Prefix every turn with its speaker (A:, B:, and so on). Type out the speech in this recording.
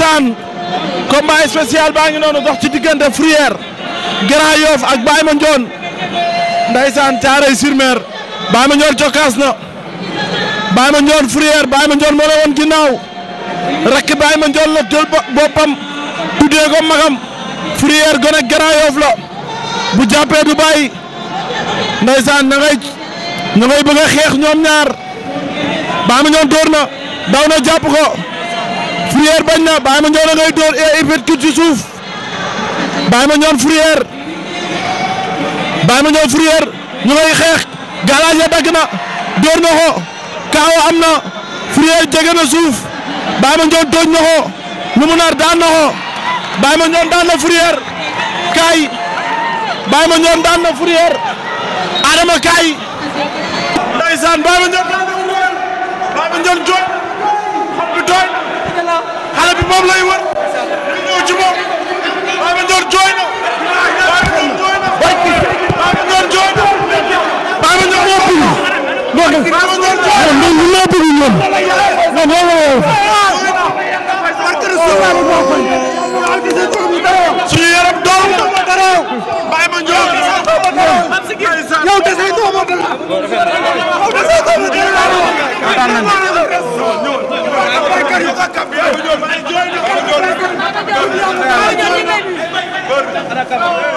A: ndeysaan combat spécial baa ngi noonu dox ci diggante Fourrière Grand Yoff ak Baye Mandione ndeysaan Thiaroye sur Mer Baye Mandione cokkaas na Baye Mandione Fourrière Baye Mandione moo la woon ginnaaw rakk Baye Mandione la jël boppam tuddee ko magam Fourrière gone Grand Yoff la bu jàppee du bàyyi ndeysaan na ngay na ngay bëgg a xeex ñoom ñaar Baye Mandione door na daw na jàpp ko Fourrière bañ na Baye Mandione ngay door et eh, uppercut ci suuf Baye Mandione Fourrière Baye Mandione Fourrière xeex galaaj ya dagg na door na ko kaaw am na Fourrière jege na suuf Baye Mandione tooñ na ko lu mu nar daan na ko Baye Mandione daan na Fourrière kaay Baye Mandione daan na Fourrière Adama kaay ndeysaan Baye Mandione daan def ñoom ñun ñoo bëgg ñoom ñoom ñoo war suñu yaram doom bàyyi ma ñoom yow desay doomu dara yow desay doomu dara